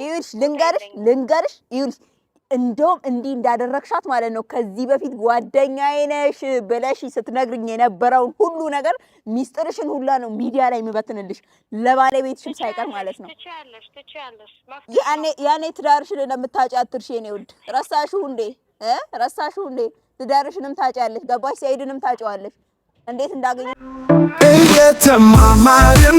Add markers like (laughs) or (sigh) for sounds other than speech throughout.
ይኸውልሽ ልንገርሽ ልንገርሽ ይኸውልሽ እንደውም እንዲህ እንዳደረግሻት ማለት ነው። ከዚህ በፊት ጓደኛዬ ነሽ ብለሽ ስትነግርኝ የነበረውን ሁሉ ነገር ሚስጥርሽን ሁላ ነው ሚዲያ ላይ የሚበትንልሽ ለባለቤትሽም ሳይቀር ማለት ነው። ያኔ ትዳርሽን እንደምታጪ አትርሽ። የኔ ውድ ረሳሽ ሁንዴ ረሳሽ ሁንዴ ትዳርሽንም ታጫለሽ ገባሽ? ሰኢድንም ታጫዋለሽ እንዴት እንዳገኘ እየተማማርን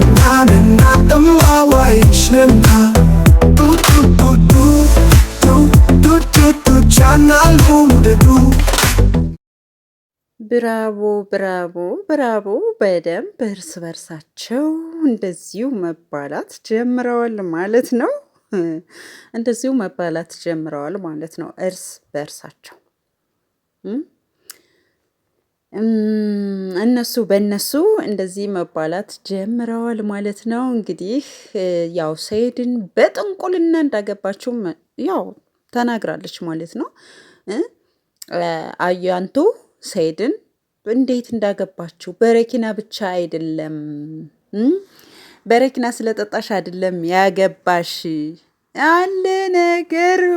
ብራቦ ብራቦ ብራቦ በደንብ እርስ በርሳቸው እንደዚሁ መባላት ጀምረዋል ማለት ነው። እንደዚሁ መባላት ጀምረዋል ማለት ነው እርስ በርሳቸው እነሱ በእነሱ እንደዚህ መባላት ጀምረዋል ማለት ነው። እንግዲህ ያው ሰይድን በጥንቁልና እንዳገባችው ያው ተናግራለች ማለት ነው። አያንቱ ሰይድን እንዴት እንዳገባችው በረኪና ብቻ አይደለም በረኪና ስለጠጣሽ አይደለም ያገባሽ አለ ነገር (laughs)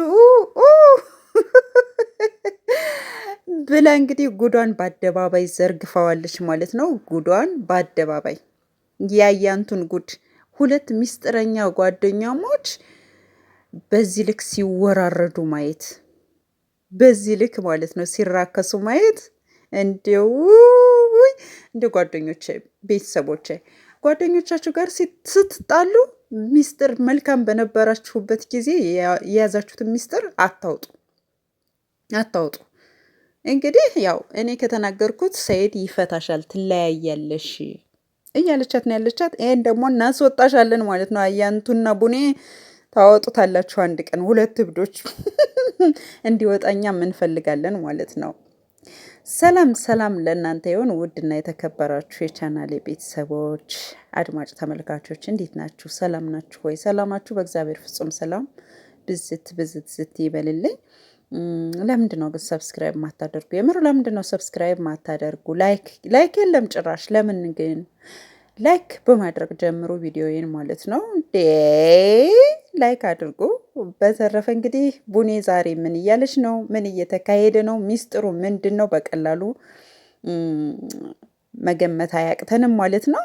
ብላ እንግዲህ ጉዷን በአደባባይ ዘርግፈዋለች ማለት ነው። ጉዷን በአደባባይ ያያንቱን ጉድ ሁለት ሚስጥረኛ ጓደኛሞች በዚህ ልክ ሲወራረዱ ማየት በዚህ ልክ ማለት ነው ሲራከሱ ማየት እንዲው እንደ ጓደኞቼ ቤተሰቦቼ ጓደኞቻችሁ ጋር ስትጣሉ ሚስጥር መልካም በነበራችሁበት ጊዜ የያዛችሁትን ሚስጥር አታውጡ አታውጡ። እንግዲህ ያው እኔ ከተናገርኩት ሰይድ ይፈታሻል፣ ትለያያለሽ እያለቻት ነው ያለቻት። ይህን ደግሞ እናስወጣሻለን ማለት ነው። አያንቱና ቡኔ ታወጡታላችሁ አንድ ቀን። ሁለት እብዶች (laughs) እንዲወጣኛ እንፈልጋለን ማለት ነው። ሰላም ሰላም ለእናንተ ይሁን ውድና የተከበራችሁ የቻናል ቤተሰቦች አድማጭ ተመልካቾች እንዴት ናችሁ? ሰላም ናችሁ ወይ? ሰላማችሁ በእግዚአብሔር ፍጹም ሰላም ብዝት ብዝት ዝት ይበልልኝ። ለምንድን ነው ግን ሰብስክራይብ ማታደርጉ? የምር ለምንድን ነው ሰብስክራይብ ማታደርጉ? ላይክ ላይክ የለም ጭራሽ። ለምን ግን ላይክ በማድረግ ጀምሩ ቪዲዮዬን ማለት ነው ላይክ አድርጉ በተረፈ እንግዲህ ቡኔ ዛሬ ምን እያለች ነው? ምን እየተካሄደ ነው? ሚስጥሩ ምንድን ነው? በቀላሉ መገመት አያቅተንም ማለት ነው።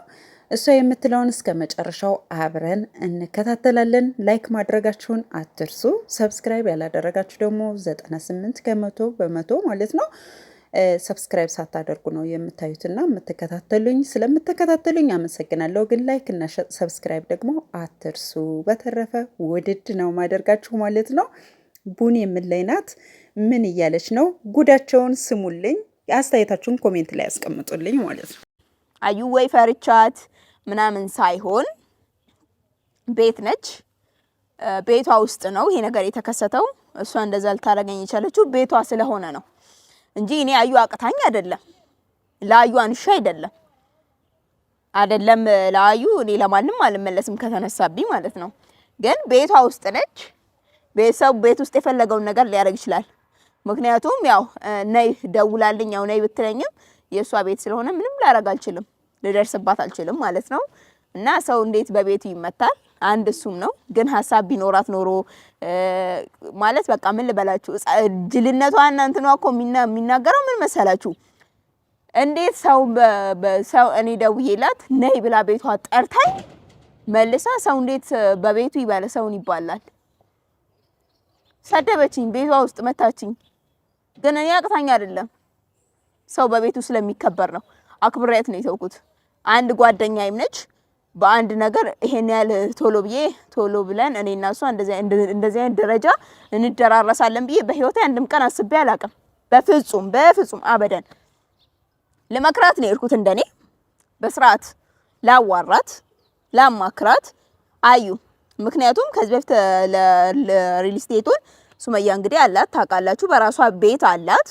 እሷ የምትለውን እስከ መጨረሻው አብረን እንከታተላለን። ላይክ ማድረጋችሁን አትርሱ። ሰብስክራይብ ያላደረጋችሁ ደግሞ 98 ከመቶ በመቶ ማለት ነው ሰብስክራይብ ሳታደርጉ ነው የምታዩትና የምትከታተሉኝ። ስለምትከታተሉኝ አመሰግናለሁ። ግን ላይክ እና ሰብስክራይብ ደግሞ አትርሱ። በተረፈ ውድድ ነው ማደርጋችሁ ማለት ነው። ቡኒ የምንላይናት ናት? ምን እያለች ነው? ጉዳቸውን ስሙልኝ። አስተያየታችሁን ኮሜንት ላይ ያስቀምጡልኝ ማለት ነው። አዩ ወይ ፈርቻት ምናምን ሳይሆን ቤት ነች። ቤቷ ውስጥ ነው ይሄ ነገር የተከሰተው። እሷ እንደዛ ልታደርገኝ የቻለችው ቤቷ ስለሆነ ነው። እንጂ እኔ አዩ አቅታኝ አይደለም፣ ለአዩ አንሻ አይደለም አይደለም ለአዩ እኔ ለማንም አልመለስም ከተነሳብኝ ማለት ነው። ግን ቤቷ ውስጥ ነች። ቤተሰቡ ቤት ውስጥ የፈለገውን ነገር ሊያደርግ ይችላል። ምክንያቱም ያው ነይ ደውላልኝ ያው ነይ ብትለኝም የእሷ ቤት ስለሆነ ምንም ላደርግ አልችልም፣ ልደርስባት አልችልም ማለት ነው። እና ሰው እንዴት በቤቱ ይመታል? አንድ እሱም ነው። ግን ሀሳብ ቢኖራት ኖሮ ማለት በቃ ምን ልበላችሁ፣ ጅልነቷ እናንትኗ እኮ የሚናገረው ምን መሰላችሁ? እንዴት ሰው ሰው እኔ ደውዬላት ነይ ብላ ቤቷ ጠርታኝ መልሳ ሰው እንዴት በቤቱ ይባለ ሰውን ይባላል። ሰደበችኝ፣ ቤቷ ውስጥ መታችኝ። ግን እኔ አቅታኝ አይደለም ሰው በቤቱ ስለሚከበር ነው። አክብሬያት ነው የተውኩት። አንድ ጓደኛዬም ነች በአንድ ነገር ይሄን ያህል ቶሎ ብዬ ቶሎ ብለን እኔ እና እሷ እንደዚህ አይነት ደረጃ እንደራረሳለን ብዬ በህይወቴ አንድም ቀን አስቤ አላውቅም። በፍጹም በፍጹም አበደን። ለመክራት ነው የሄድኩት፣ እንደኔ በስርዓት ላዋራት፣ ላማክራት አዩ። ምክንያቱም ከዚህ በፊት ለሪል ስቴቱን ሱመያ እንግዲህ አላት ታውቃላችሁ፣ በራሷ ቤት አላት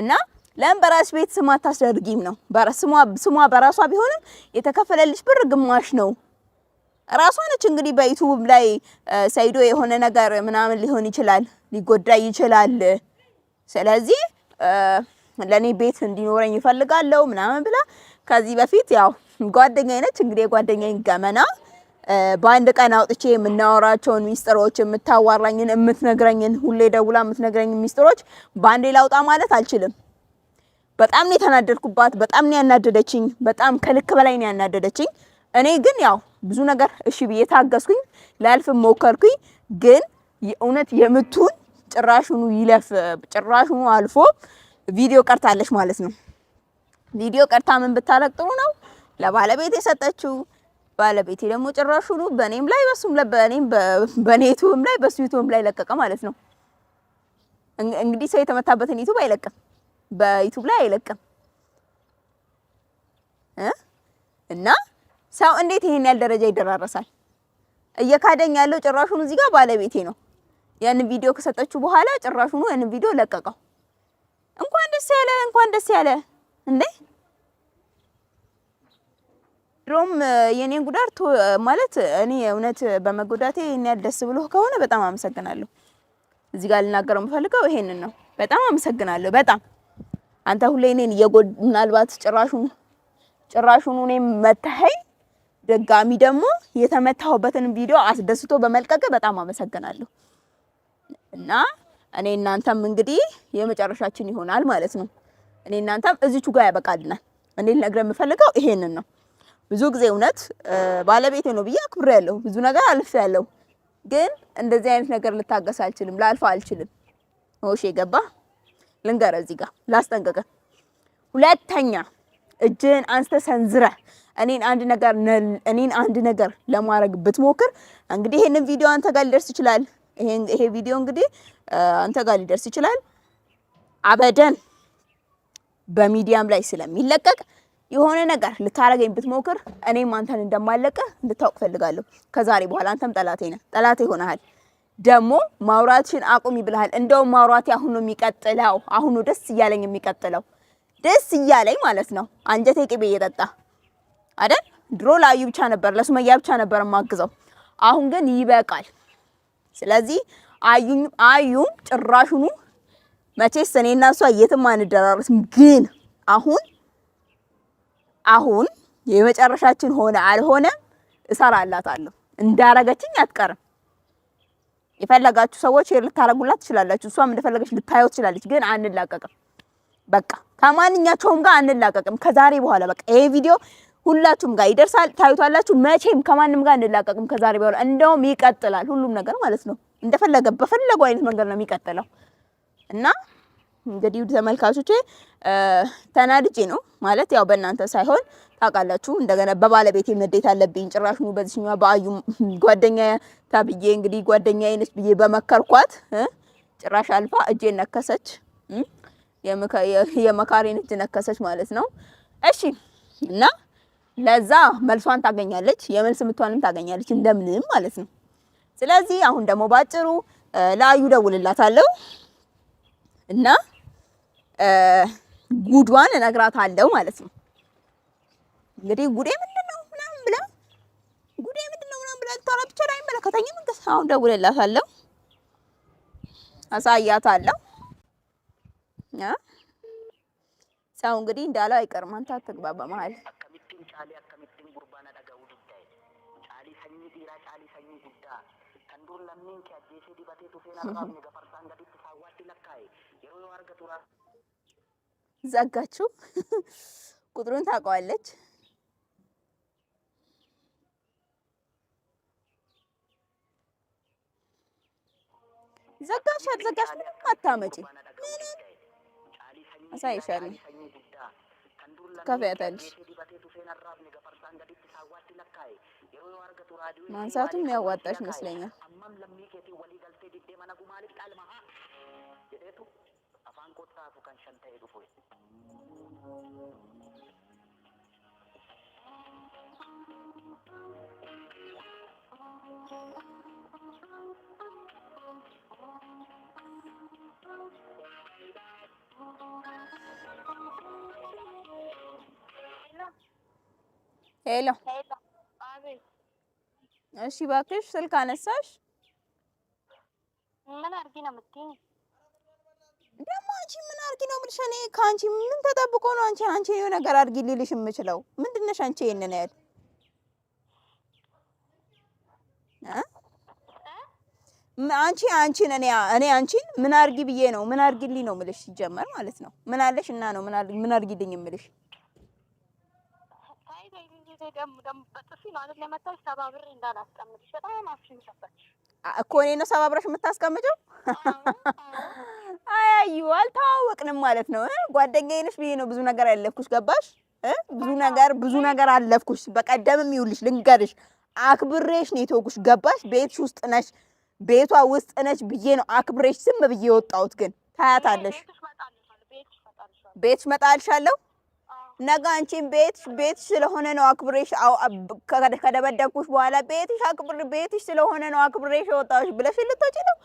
እና ለምን በራስ ቤት ስም አታስደርጊም ነው? ስሟ በራሷ ቢሆንም የተከፈለልሽ ብር ግማሽ ነው። ራሷ ነች እንግዲህ በዩቱብ ላይ ሰይዶ የሆነ ነገር ምናምን ሊሆን ይችላል፣ ሊጎዳ ይችላል። ስለዚህ ለኔ ቤት እንዲኖረኝ ይፈልጋለሁ ምናምን ብላ ከዚህ በፊት ያው ጓደኛዬ ነች እንግዲህ የጓደኛዬን ገመና በአንድ ቀን አውጥቼ የምናወራቸውን ሚስጥሮች የምታዋራኝን፣ የምትነግረኝን ሁሌ ደውላ የምትነግረኝ ሚስጥሮች በአንዴ ላውጣ ማለት አልችልም። በጣም ነው የተናደድኩባት። በጣም ነው ያናደደችኝ። በጣም ከልክ በላይ ነው ያናደደችኝ። እኔ ግን ያው ብዙ ነገር እሺ ብዬ ታገስኩኝ፣ ላልፍ ሞከርኩኝ። ግን የእውነት የምቱን ጭራሹኑ ይለፍ ጭራሹኑ አልፎ ቪዲዮ ቀርታለች ማለት ነው። ቪዲዮ ቀርታ ምን ብታረቅ ጥሩ ነው ለባለቤት የሰጠችው ባለቤቴ ደግሞ ጭራሹኑ በኔም ላይ በሱም ላይ በኔቱም ላይ በሱ ዩቱብም ላይ ለቀቀ ማለት ነው። እንግዲህ ሰው የተመታበትን ዩቱብ አይለቅም። በዩቱብ ላይ አይለቅም እ እና ሰው እንዴት ይሄን ያህል ደረጃ ይደራረሳል? እየካደኝ ያለው ጭራሹን እዚህ ጋር ባለቤቴ ነው። ያን ቪዲዮ ከሰጠችው በኋላ ጭራሹኑ ያን ቪዲዮ ለቀቀው። እንኳን ደስ ያለ እንኳን ደስ ያለ እንዴ! ድሮም የኔን ጉዳት ማለት እኔ እውነት በመጎዳቴ ይሄን ያህል ደስ ብሎ ከሆነ በጣም አመሰግናለሁ። እዚህ ጋር ልናገረው የምፈልገው ይሄንን ነው። በጣም አመሰግናለሁ። በጣም አንተ ሁሌ እኔን እየጎድ ምናልባት ጭራሹን ጭራሹን እኔን መታኸኝ። ድጋሚ ደግሞ የተመታሁበትን ቪዲዮ አስደስቶ በመልቀቅ በጣም አመሰግናለሁ። እና እኔ እናንተም እንግዲህ የመጨረሻችን ይሆናል ማለት ነው። እኔ እናንተም እዚቹ ጋር ያበቃልናል። እኔ ልነግርህ የምፈልገው ይሄንን ነው። ብዙ ጊዜ እውነት ባለቤቴ ነው ብዬ አክብሬያለሁ። ብዙ ነገር ያለው ግን እንደዚህ አይነት ነገር ልታገስ አልችልም፣ ላልፋ አልችልም። ሆሽ የገባ ልንገርህ፣ እዚህ ጋር ላስጠንቅቅህ። ሁለተኛ እጅህን አንስተህ ሰንዝረህ እኔን አንድ ነገር እኔን አንድ ነገር ለማድረግ ብትሞክር እንግዲህ ይሄንን ቪዲዮ አንተ ጋር ሊደርስ ይችላል። ይሄ ቪዲዮ እንግዲህ አንተ ጋር ሊደርስ ይችላል። አበደን በሚዲያም ላይ ስለሚለቀቅ የሆነ ነገር ልታረገኝ ብትሞክር እኔም አንተን እንደማለቅህ እንድታውቅ ፈልጋለሁ። ከዛሬ በኋላ አንተም ጠላቴ ነህ፣ ጠላቴ ሆነሃል። ደግሞ ማውራትሽን አቁም ይብልሃል። እንደውም ማውራቴ አሁን ነው የሚቀጥለው። አሁኑ ደስ እያለኝ የሚቀጥለው ደስ እያለኝ ማለት ነው። አንጀቴ ቅቤ እየጠጣ አይደል? ድሮ ላዩ ብቻ ነበር ለሱመያ ብቻ ነበር ማግዘው። አሁን ግን ይበቃል። ስለዚህ አዩኝ አዩም ጭራሹኑ መቼስ እኔ እና እሷ የትም አንደራረስም። ግን አሁን አሁን የመጨረሻችን ሆነ አልሆነ እሰራላታለሁ። እንዳረገችኝ አትቀርም። የፈለጋችሁ ሰዎች ልታረጉላት ትችላላችሁ። እሷም እንደፈለገች ልታየው ትችላለች። ግን አንላቀቅም። በቃ ከማንኛቸውም ጋር አንላቀቅም። ከዛሬ በኋላ በቃ ይሄ ቪዲዮ ሁላችሁም ጋር ይደርሳል፣ ታዩታላችሁ። መቼም ከማንም ጋር አንላቀቅም ከዛሬ በኋላ። እንደውም ይቀጥላል ሁሉም ነገር ማለት ነው። እንደፈለገ በፈለገው አይነት መንገድ ነው የሚቀጥለው እና እንግዲህ ተመልካቾቼ ተናድጄ ነው ማለት ያው በእናንተ ሳይሆን ታውቃላችሁ። እንደገና በባለቤት ንዴት አለብኝ። ጭራሽ ነው በዚህኛዋ በአዩ ጓደኛ ታብዬ እንግዲህ ጓደኛ ነች ብዬ በመከርኳት ጭራሽ አልፋ እጄ ነከሰች። የመካሪን እጅ ነከሰች ማለት ነው። እሺ እና ለዛ መልሷን ታገኛለች፣ የመልስ ምቷንም ታገኛለች እንደምንም ማለት ነው። ስለዚህ አሁን ደግሞ ባጭሩ ለአዩ ደውልላታለሁ እና ጉዷን እነግራታለሁ ማለት ነው። እንግዲህ ጉዴ ምንድን ነው ምናምን ብላ ጉዴ ምንድን ነው ምናምን ብላ ልታወራ ብቻ አይመለከተኝም። እንግዲህ አሁን ደውልላታለሁ፣ አሳያታለሁ። ሰው እንግዲህ እንዳለው አይቀርም። አንተ አትግባ በመሀል ዘጋችሁ። (laughs) ቁጥሩን ታውቀዋለች። ዘጋሽ አልዘጋሽ ምንም አታመጪ። አሳይሻለሁ፣ ትከፍያታለሽ። ማንሳቱም ያዋጣሽ ይመስለኛል። ሄሎ፣ እሺ እባክሽ ስልክ አነሳሽ? ምን አድርጊ ነው የምትይኝ? ደግሞ አንቺ ምን አድርጊ ነው የምልሽ? እኔ ከአንቺ ምን ተጠብቆ ነው አንቺ አንቺ የሆነ ነገር አድርጊ ልልሽ የምችለው? ምንድን ነሽ አንቺ? ይሄንን ያህል አንቺ አንቺን እኔ እኔ አንቺን ምን አድርጊ ብዬ ነው ምን አድርጊልኝ ነው የምልሽ? ሲጀመር ማለት ነው ምን አለሽ እና ነው ምን አድርጊልኝ የምልሽ ደም በጥፊ ነው አይደል የመታች። ሰባብሬ እንዳላስቀምጥሽ በጣም አፍሽን ሸፈች እኮ እኔ ነው ሰባብረሽ የምታስቀምጨው። አያዩ አልተዋወቅንም ማለት ነው። ጓደኛዬ ነሽ ብዬ ነው ብዙ ነገር ያለፍኩሽ። ገባሽ? ብዙ ነገር ብዙ ነገር አለፍኩሽ። በቀደምም ይውልሽ ልንገርሽ፣ አክብሬሽ ነው የተውኩሽ። ገባሽ? ቤትሽ ውስጥ ነሽ፣ ቤቷ ውስጥ ነሽ ብዬ ነው አክብሬሽ ዝም ብዬ የወጣሁት። ግን ታያታለሽ፣ ቤትሽ መጣልሻለሁ ነገ አንቺን ቤት ቤት ስለሆነ ነው አክብሬሽ ከደበደብኩሽ በኋላ ቤትሽ አክብር ቤትሽ ስለሆነ ነው አክብሬሽ የወጣሁሽ ብለሽ ልትወጪ ነው።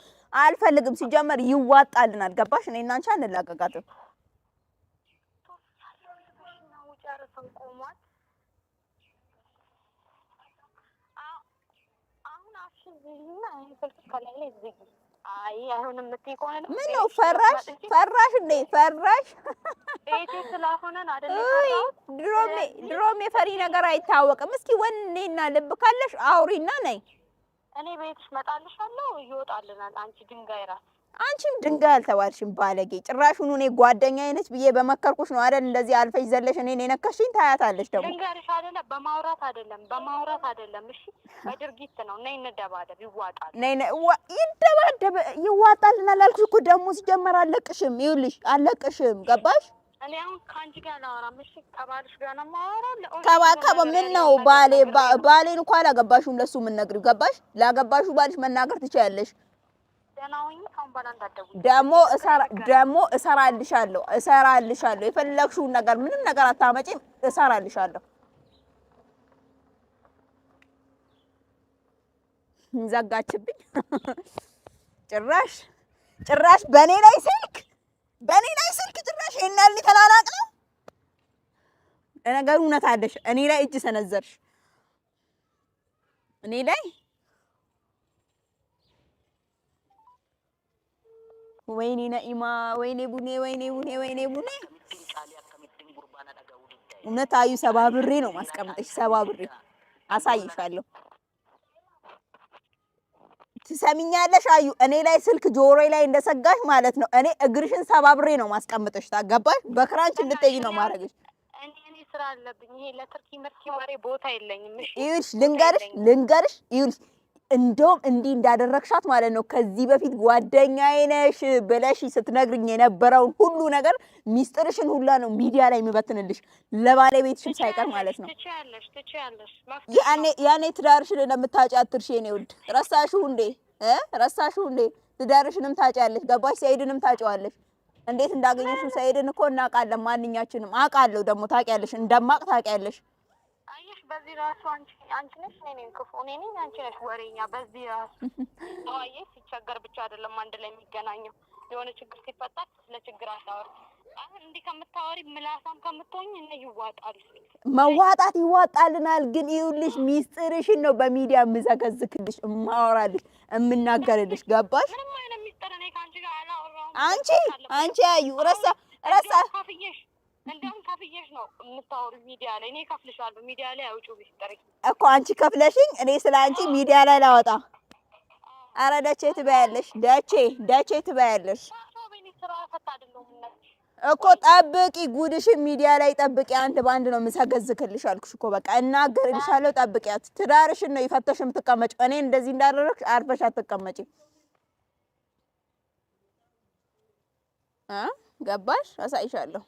አልፈልግም። ሲጀመር ይዋጣልናል። ገባሽ? እኔ እና አንቺ አንላቀቃትም። ምን ነው ፈራሽ? ፈራሽ እንዴ? ፈራሽ ድሮም የፈሪ ነገር አይታወቅም። እስኪ ወኔና ልብ ካለሽ አውሪና ነይ። እኔ ቤትሽ እመጣልሻለሁ። ይወጣልናል። አንቺ ድንጋይ ራስ አንቺም ድንጋይ አልተባልሽም ባለጌ። ጭራሹን እኔ ጓደኛ አይነት ብዬ በመከርኩሽ ነው አይደል? እንደዚህ አልፈሽ ዘለሽ እኔን የነከሽኝ ታያታለሽ። ደግሞ ልንገርሽ አይደለ፣ በማውራት አይደለም በማውራት አይደለም፣ እሺ በድርጊት ነው። ነይ እንደባደብ፣ ይዋጣል። ነይ ይደባደብ፣ ይዋጣልናል አልኩሽ እኮ። ደግሞ ሲጀመር አለቅሽም፣ ይኸውልሽ፣ አለቅሽም። ገባሽ? እኔ አሁን ከአንቺ ጋር አላወራም። እሺ ከባልሽ ጋር ነው የማወራው። ከባከበ ምን ነው ባሌ ባሌን እንኳን አላገባሽም። ለሱ ምን ነግሪ ገባሽ? ላገባሹ ባልሽ መናገር ትችያለሽ። ደግሞ ደግሞ እሰራልሻለሁ እሰራልሻለሁ። የፈለግሽውን ነገር ምንም ነገር አታመጪም፣ እሰራልሻለሁ። ዘጋችብኝ። (laughs) ጭራሽ ጭራሽ በእኔ ላይ ስልክ በእኔ ላይ ስልክ ጭራሽ ይሄን ያህል ተላላቅ ነው ነገሩ። እውነት አለሽ፣ እኔ ላይ እጅ ሰነዘርሽ። እኔ ላይ ወይኔ ነኢማ፣ ወይኔ ቡኔ፣ ወይኔ ቡኔ፣ ወይኔ ቡኔ። እውነት አዩ፣ ሰባብሬ ነው ማስቀምጥሽ፣ ሰባብሬ አሳይሻለሁ። ትሰሚኛለሽ አዩ፣ እኔ ላይ ስልክ ጆሮ ላይ እንደሰጋሽ ማለት ነው። እኔ እግርሽን ሰባብሬ ነው ማስቀምጠሽ። ታገባሽ? በክራንች እንድትሄጂ ነው ማድረግሽ። ስራ አለብኝ። ይሄ ለትርኪ ምርኪ ማሬ ቦታ የለኝም። ይኸውልሽ ልንገርሽ ልንገርሽ ይኸውልሽ እንደውም እንዲህ እንዳደረግሻት ማለት ነው ከዚህ በፊት ጓደኛዬ ነሽ ብለሽ ስትነግርኝ የነበረውን ሁሉ ነገር ሚስጥርሽን ሁላ ነው ሚዲያ ላይ የሚበትንልሽ ለባለቤትሽም ሳይቀር ማለት ነው። ያኔ ትዳርሽን እንደምታጪ አትርሽ። የኔ ውድ ረሳሽ እንዴ? ረሳሽ እንዴ? ትዳርሽንም ታጫለሽ ገባሽ? ሰኢድንም ታጪዋለሽ። እንዴት እንዳገኘሽው ሰይድን እኮ እናውቃለን። ማንኛችንም አውቃለሁ። ደግሞ ታውቂያለሽ፣ እንደማቅ ታውቂያለሽ ነሽ በዚህ ራሱ አንቺ ነሽ እኔ ክፉ እኔ ነኝ አንቺ ነሽ ወሬኛ። በዚህ ራሱ ተዋዬ (laughs) ሲቸገር ብቻ አይደለም አንድ ላይ የሚገናኘው የሆነ ችግር ሲፈጠር ስለ ችግር አታወሪ። አሁን እንዲህ ከምታወሪ ምላሳም ከምትሆኝ እነ ይዋጣሉ። መዋጣት ይዋጣልናል። ግን ይኸውልሽ ሚስጥርሽን ነው በሚዲያ የምዘገዝክልሽ፣ እማወራልሽ፣ የምናገርልሽ ገባሽ? ምንም አይነት ሚስጥር እኔ ከአንቺ ጋር አላወራሁም። አንቺ አንቺ አዩ ረሳ ረሳ እንደውም ከፍዬሽ ነው የምታወሩ ሚዲያ ላይ እኔ ከፍልሻለሁ። ሚዲያ ላይ አውጪ ቢስጠረኝ እኮ አንቺ ከፍለሽኝ እኔ ስለ አንቺ ሚዲያ ላይ ላወጣ። አረ ደቼ ትበያለሽ፣ ደቼ ደቼ ትበያለሽ እኮ ጠብቂ፣ ጉድሽን ሚዲያ ላይ ጠብቂ። አንድ በአንድ ነው የምሰገዝክልሽ አልኩሽ እኮ በቃ እናገርልሻለሁ። ጠብቂያት። ትዳርሽን ነው የፈተሽ የምትቀመጪው። እኔ እንደዚህ እንዳደረግሽ አርፈሽ አትቀመጪ። ገባሽ? አሳይሻለሁ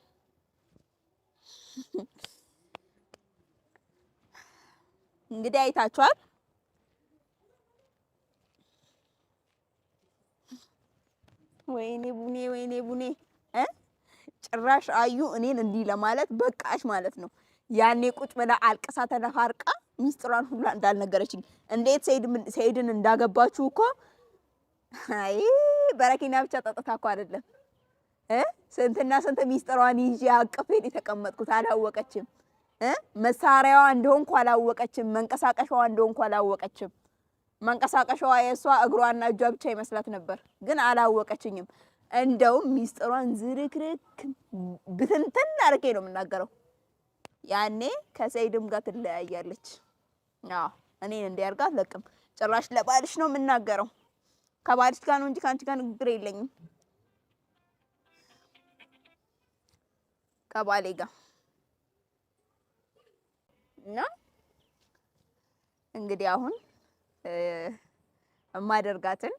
እንግዲህ አይታችኋል። ወይኔ ቡኔ ወይኔ ቡኔ እ ጭራሽ አዩ እኔን እንዲህ ለማለት በቃሽ ማለት ነው። ያኔ ቁጭ ብላ አልቅሳ ተደፋርቃ ሚስጥሯን ሁላ እንዳልነገረችኝ እንዴት ሰይድን እንዳገባችሁ እኮ አይ በረኪና ብቻ ጠጥታ እኮ አይደለም። ስንትና ስንት ሚስጥሯን ይዤ አቅፌን የተቀመጥኩት አላወቀችም። መሳሪያዋ እንደሆንኩ አላወቀችም። መንቀሳቀሻዋ እንደሆንኩ አላወቀችም። መንቀሳቀሻዋ የእሷ እግሯና እጇ ብቻ ይመስላት ነበር፣ ግን አላወቀችኝም። እንደውም ሚስጥሯን ዝርክርክ ብትንትን አርጌ ነው የምናገረው። ያኔ ከሰይድም ጋር ትለያያለች። አዎ እኔን እንዲያርጋ አትለቅም። ጭራሽ ለባልሽ ነው የምናገረው። ከባልሽ ጋር ነው እንጂ ከአንቺ ጋር ንግግር የለኝም። ከባሌ ጋር እና እንግዲህ አሁን እማደርጋትን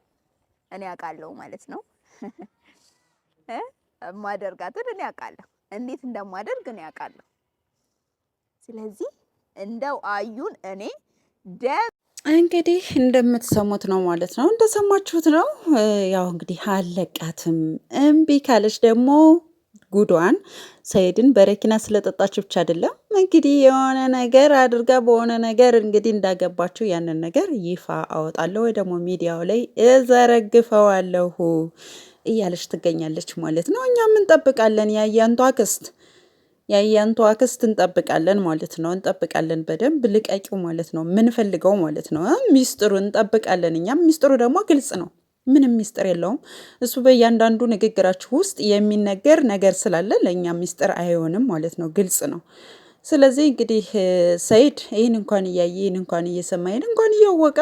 እኔ አውቃለሁ ማለት ነው። እማደርጋትን እኔ አውቃለሁ፣ እንዴት እንደማደርግ እኔ አውቃለሁ። ስለዚህ እንደው አዩን እኔ ደግ እንግዲህ እንደምትሰሙት ነው ማለት ነው፣ እንደሰማችሁት ነው። ያው እንግዲህ አለቃትም እምቢ ካለች ደግሞ ጉዷን ሰይድን በረኪና ስለጠጣች ብቻ አይደለም እንግዲህ የሆነ ነገር አድርጋ በሆነ ነገር እንግዲህ እንዳገባችው ያንን ነገር ይፋ አወጣለሁ ወይ ደግሞ ሚዲያው ላይ እዘረግፈዋለሁ እያለች ትገኛለች ማለት ነው። እኛም እንጠብቃለን፣ የአያንቱ አክስት የአያንቱ አክስት እንጠብቃለን ማለት ነው። እንጠብቃለን በደንብ ልቀቂው ማለት ነው፣ ምንፈልገው ማለት ነው። ሚስጥሩ እንጠብቃለን። እኛም ሚስጥሩ ደግሞ ግልጽ ነው። ምንም ሚስጥር የለውም። እሱ በእያንዳንዱ ንግግራችሁ ውስጥ የሚነገር ነገር ስላለ ለእኛ ሚስጥር አይሆንም ማለት ነው። ግልጽ ነው። ስለዚህ እንግዲህ ሰይድ ይህን እንኳን እያየ ይህን እንኳን እየሰማ ይህን እንኳን እያወቀ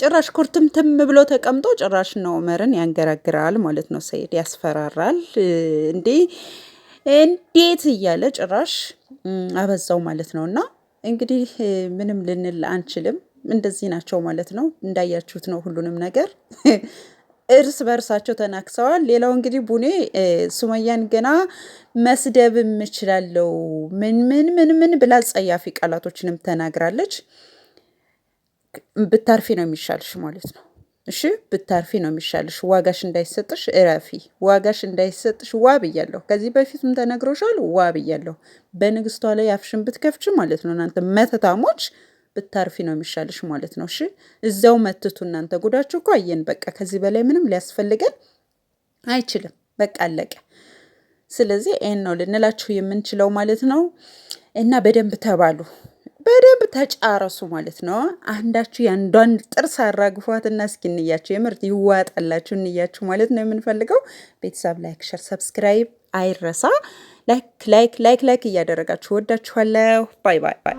ጭራሽ ኩርትምትም ብሎ ተቀምጦ ጭራሽ ነው ኡመርን ያንገራግራል ማለት ነው። ሰይድ ያስፈራራል። እንዴ እንዴት እያለ ጭራሽ አበዛው ማለት ነው። እና እንግዲህ ምንም ልንል አንችልም። እንደዚህ ናቸው ማለት ነው። እንዳያችሁት ነው ሁሉንም ነገር እርስ በእርሳቸው ተናክሰዋል። ሌላው እንግዲህ ቡኔ ሱመያን ገና መስደብ እችላለሁ ምን ምን ምን ምን ብላ ጸያፊ ቃላቶችንም ተናግራለች። ብታርፊ ነው የሚሻልሽ ማለት ነው። እሺ ብታርፊ ነው የሚሻልሽ። ዋጋሽ እንዳይሰጥሽ እረፊ። ዋጋሽ እንዳይሰጥሽ ዋ ብያለሁ። ከዚህ በፊትም ተነግሮሻል። ዋ ብያለሁ። በንግስቷ ላይ አፍሽን ብትከፍች ማለት ነው እናንተ መተታሞች ብታርፊ ነው የሚሻልሽ ማለት ነው። እሺ እዚያው መትቱ እናንተ ጉዳችሁ እኮ አየን። በቃ ከዚህ በላይ ምንም ሊያስፈልገን አይችልም። በቃ አለቀ። ስለዚህ ይህን ነው ልንላችሁ የምንችለው ማለት ነው። እና በደንብ ተባሉ፣ በደንብ ተጫረሱ ማለት ነው። አንዳችሁ የአንዷን ጥርስ አራግፏት እና እስኪ እንያችሁ፣ የምርት ይዋጣላችሁ እንያችሁ ማለት ነው የምንፈልገው። ቤተሰብ ላይክ፣ ሸር፣ ሰብስክራይብ አይረሳ። ላይክ ላይክ ላይክ ላይክ እያደረጋችሁ ወዳችኋለሁ። ባይ ባይ ባይ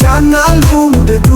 ቻናሉን ውደዱ።